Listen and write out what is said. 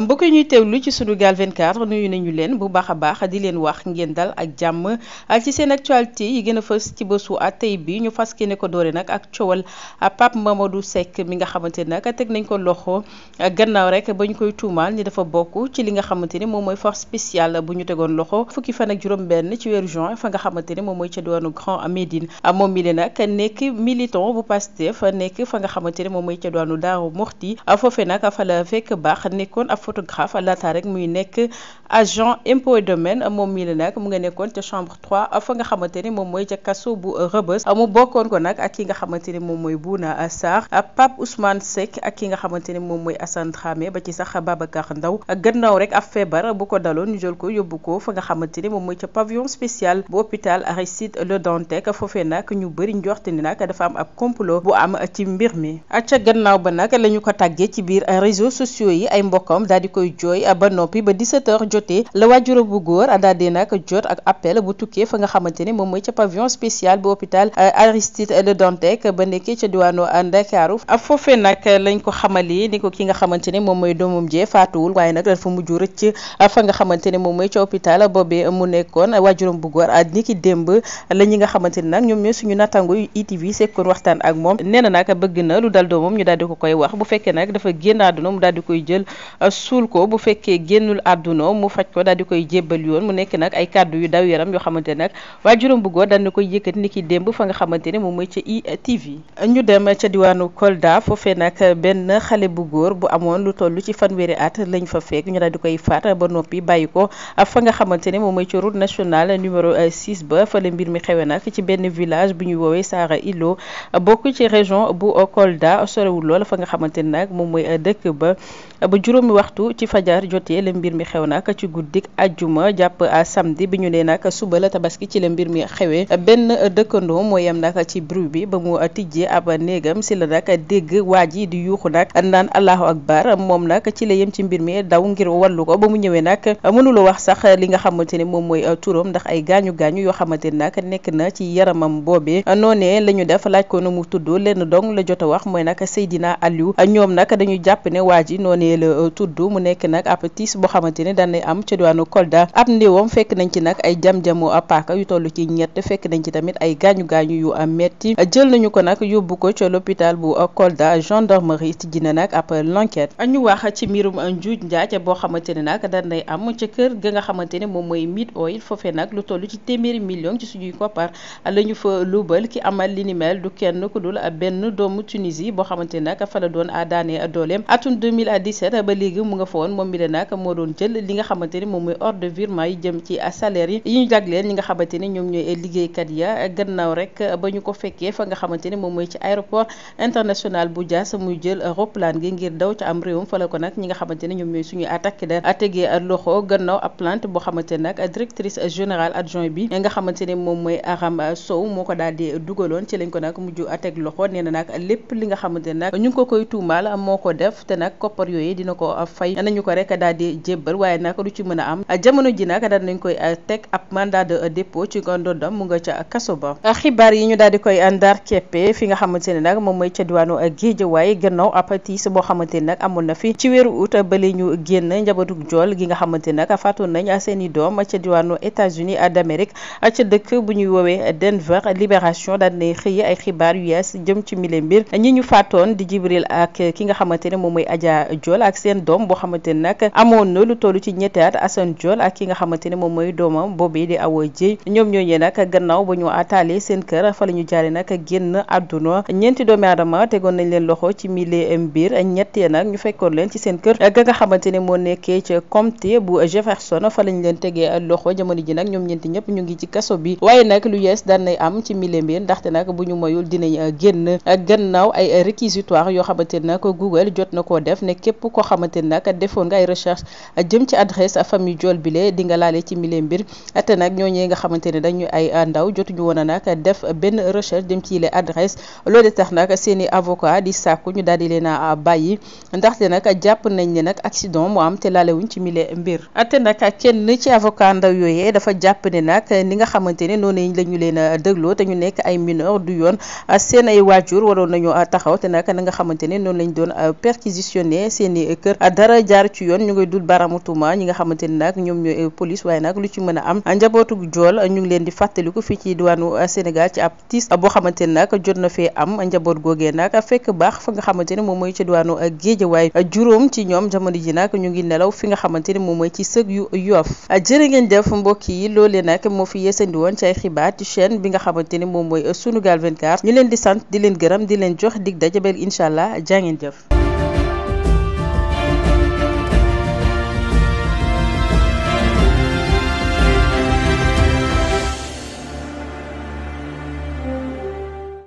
mbokk yi ñuy teewlu ci Sunugal 24 nuyu nañu leen bu baax a baax di leen wax ngeen dal ak jàmm ci seen actualité yi gën a fës ci bésu tey bi ñu fas ne ko doore nag ak coowal Pape Mamadou Seck mi nga xamante nag teg nañ ko loxo gannaaw rek ba ñu koy tuumaal ni dafa bokk ci li nga xamante ni moom mooy force spéciale bu ñu tegoon loxo fukki fan ak juróom-benn ci weeru fa nga xamante ni moom moom mi nag nekk militant bu Pastef nekk fa nga xamante ni moom mooy ca diwaanu Daaru Muxti foofee la fekk baax nekkoon af photographe laata rek muy nekk agent impôt domaine moom mii la nag mu nga nekkoon ca chambre 3 fa nga xamante ni moom mooy ca kaso bu rëbës mu bokkoon ko nag ak ki nga xamante ni moom mooy Bouna Sarr Pape Ousmane Seck ak ki nga xamante ni moom mooy Assane Dramé ba ci sax Babacar Ndaw gannaaw rek ab feebar bu ko daloon ñu jël ko yóbbu ko fa nga xamante ni moom mooy ca pavillon spécial bu hôpital Aristide Le Dantec foofee nag ñu bëri njorte ni nag dafa am ab complot bu am ci mbir mi ca gannaaw ba nag la ñu ko taggee ci biir réseaux sociaux yi ay mbokkam daal di koy jooy jotee la waajur bu góor daal di nag jot ak appel bu tukkee fa nga xamante ni moom mooy ca pavillon spécial bu hôpital euh, Aristide Le Dantec ba nekkee ca diwaanu euh, Ndakaaru foofee nag lañ ko xamali ni ko ki nga xamante ni moom mooy doomam ca hôpital boobee mu nekkoon waajuram bu góor ni ki démb la nga xamante nag ñoom ñooy suñu nattango yu sekkoon waxtaan ak moom nee na a bëgg na lu dal doomam ñu daal di ko koy wax bu fekkee nag dafa génn àdduna mu daal di koy jël euh, suul ko bu mu faj ko daal di koy jébbal yoon mu nekk nag ay kàddu yu daw yaram yoo xamante nag waajuram bu góor daal di koy yëkkati ni ki démb fa nga xamante ne moom mooy ca ITV ñu dem ca nag benn xale bu góor bu amoon lu toll ci fanweeri at lañ fa fekk di koy faat ba noppi bàyyi ko fa nga xamante ne moom mooy ca route nationale numéro 6 ba fa la mbir mi xewe nag ci benn village bu ñuy woowee Saara Ilo bokk ci région bu Kolda sorewul fa nga xamante ne nag moom mooy dëkk ba ba juróomi waxtu ci fajar jotee la mbir mi xew nag ci guddik ajjuma jàpp samedi bi ñu ne nag suba la tabaski ci la mbir mi xewee benn dëkkandoo moo yem nag ci bruit bi ba mu tijjee ab néegam si la nag dégg waa ji di yuuxu nag naan allahu akbar moom nag ci la yem ci mbir mi daw ngir wallu ko ba mu ñëwee nag mënula wax sax li nga xamante ne moom mooy turam ndax ay gaañu gaañu yoo xamante ni nag nekk na ci yaramam boobee noonee la ñu def laaj ko nu mu tudd lenn dong la jot a wax mooy nag Seydina Aliou ñoom nag dañu jàpp ne waa ji noonee la tudd mu nekk nag ab tiis boo xamante ne daan am ca diwaanu Kolda ab néewam fekk nañ ci nag ay jam-jamu paaka yu toll ci ñett fekk nañ ci tamit ay gaañu-gaañu yu am metti jël nañu ko nag yóbbu ko ca l'hôpital bu Kolda gendarmerie ci dina nag ab a ñu wax ci mbirum njuuj njaaj boo xamante ne nag dañ lay am ca nga xamante ne moom mooy mid oil foofee nag lu toll ci téeméeri million ci suñuy koppar la ñu fa luubal ki amal li du kenn ku dul benn doomu Tunisie boo xamante ne nag fa la doon daanee dooleem atum 2017 ba léegi mu nga fa woon moom xamante ni moom mooy hors de virement yi jëm ci salaire yi yi ñu jagleel ñi nga xamante ni ñoom ñooy liggéeykat ya gannaaw rek ba ñu ko fekkee fa nga xamante ni moom mooy ci aéroport international bu Diass muy jël roplaan gi ngir daw ca am réewam fa la nag ñi nga xamante ni ñoom ñooy suñuy attaque der tegee loxo gannaaw a plainte boo xamante ni nag directrice générale adjoint bi nga xamante ni moom mooy Aram Sow moo ko daal di dugaloon ci lañ ko nag mujj teg loxo nee na nag lépp li nga xamante ni nag ñu ngi ko koy tuumaal moo ko def te nag koppar yooyu dina ko fay nañu ko rek daal di du ci mën a am jamono ji nag daan nañ koy eh, teg ab mandat de eh, dépôt ci ndondam mu nga ca kaso ba eh, xibaar yi ñu daal koy ndar keppe fi nga xamante ne nag moom mooy ca na fi ci weeru août bale ñu génn njabatuk jool gi nga xamante nag faatoon nañ seen i bu ñuy woowee Denver Libération di xëy ay xibaar yu yees jëm ci mile mbir ñi ñu faatoon di Jibril ak ki nga xamante ne moom mooy Adja Jool seen doom boo xamante nag amoon na lu toll ci ñetti at Assane Diol ak ki nga xamante ne moom mooy doomam boobu di Awa Dieye ñoom ñooñee nag gannaaw ba ñu ataale seen kër fa la ñu jaare nag génn àdduna ñeenti loxo ci ne moo nekkee ca comté bu Jefferson fa lañ leen tegee loxo jamono ji nag ñoom ñeenti ñëpp ñu ngi ci kaso bi waaye nag lu yees daan nay am ci mille mbir ndaxte nag bu ñu moyul dinañ génn gannaaw ay réquisitoire yoo xamante ne nag Google jot na ko def ne képp koo xamante ne a defoon nga ay recherche jëm ci waxee sa famille Jool bile di nga laale ci mille mbir ne dañu ay ndaw jotuñu woon a nag def benn recherche dem ci les adresse loolu tax nag seen i avocat di sàkku ñu daal di leen a bàyyi ndaxte nag jàpp nañ ne nag accident mu am te laalewuñ ci mille mbir te nag kenn ci avocat ndaw yooyee dafa jàpp ne nag ni nga xamante ne noonu la ñu leen a dégloo te ñu nekk ay mineur du yoon seen ay waajur waroon nañu taxaw te nag na nga xamante ne noonu lañ doon perquisitionné seen i kër dara jaar ci yoon ñu ngay dul baramutuma ñi nga xamante ni nag ñoom ñooy police waaye nag lu ci mën a am njabootu jool ñu ngi leen di fàttaliku fii ci diwaanu Sénégal ci ab tiis boo xamante ni nag jot na fee am njaboot googee nag fekk baax fa nga xamante ni moom mooy ci diwaanu Géejawaay juróom ci ñoom jamono ji nag ñu ngi nelaw fi nga xamante ni moom mooy ci sëg yu Yoff jërë ngeen jëf mbokk yi loolee nag moo fi yeesandi woon ci ay xibaar ci chaîne bi nga xamante ni moom mooy Sunugal 24 ñu leen di sant di leen gërëm di leen jox dig dajabel incha allah jaa ngeen jëf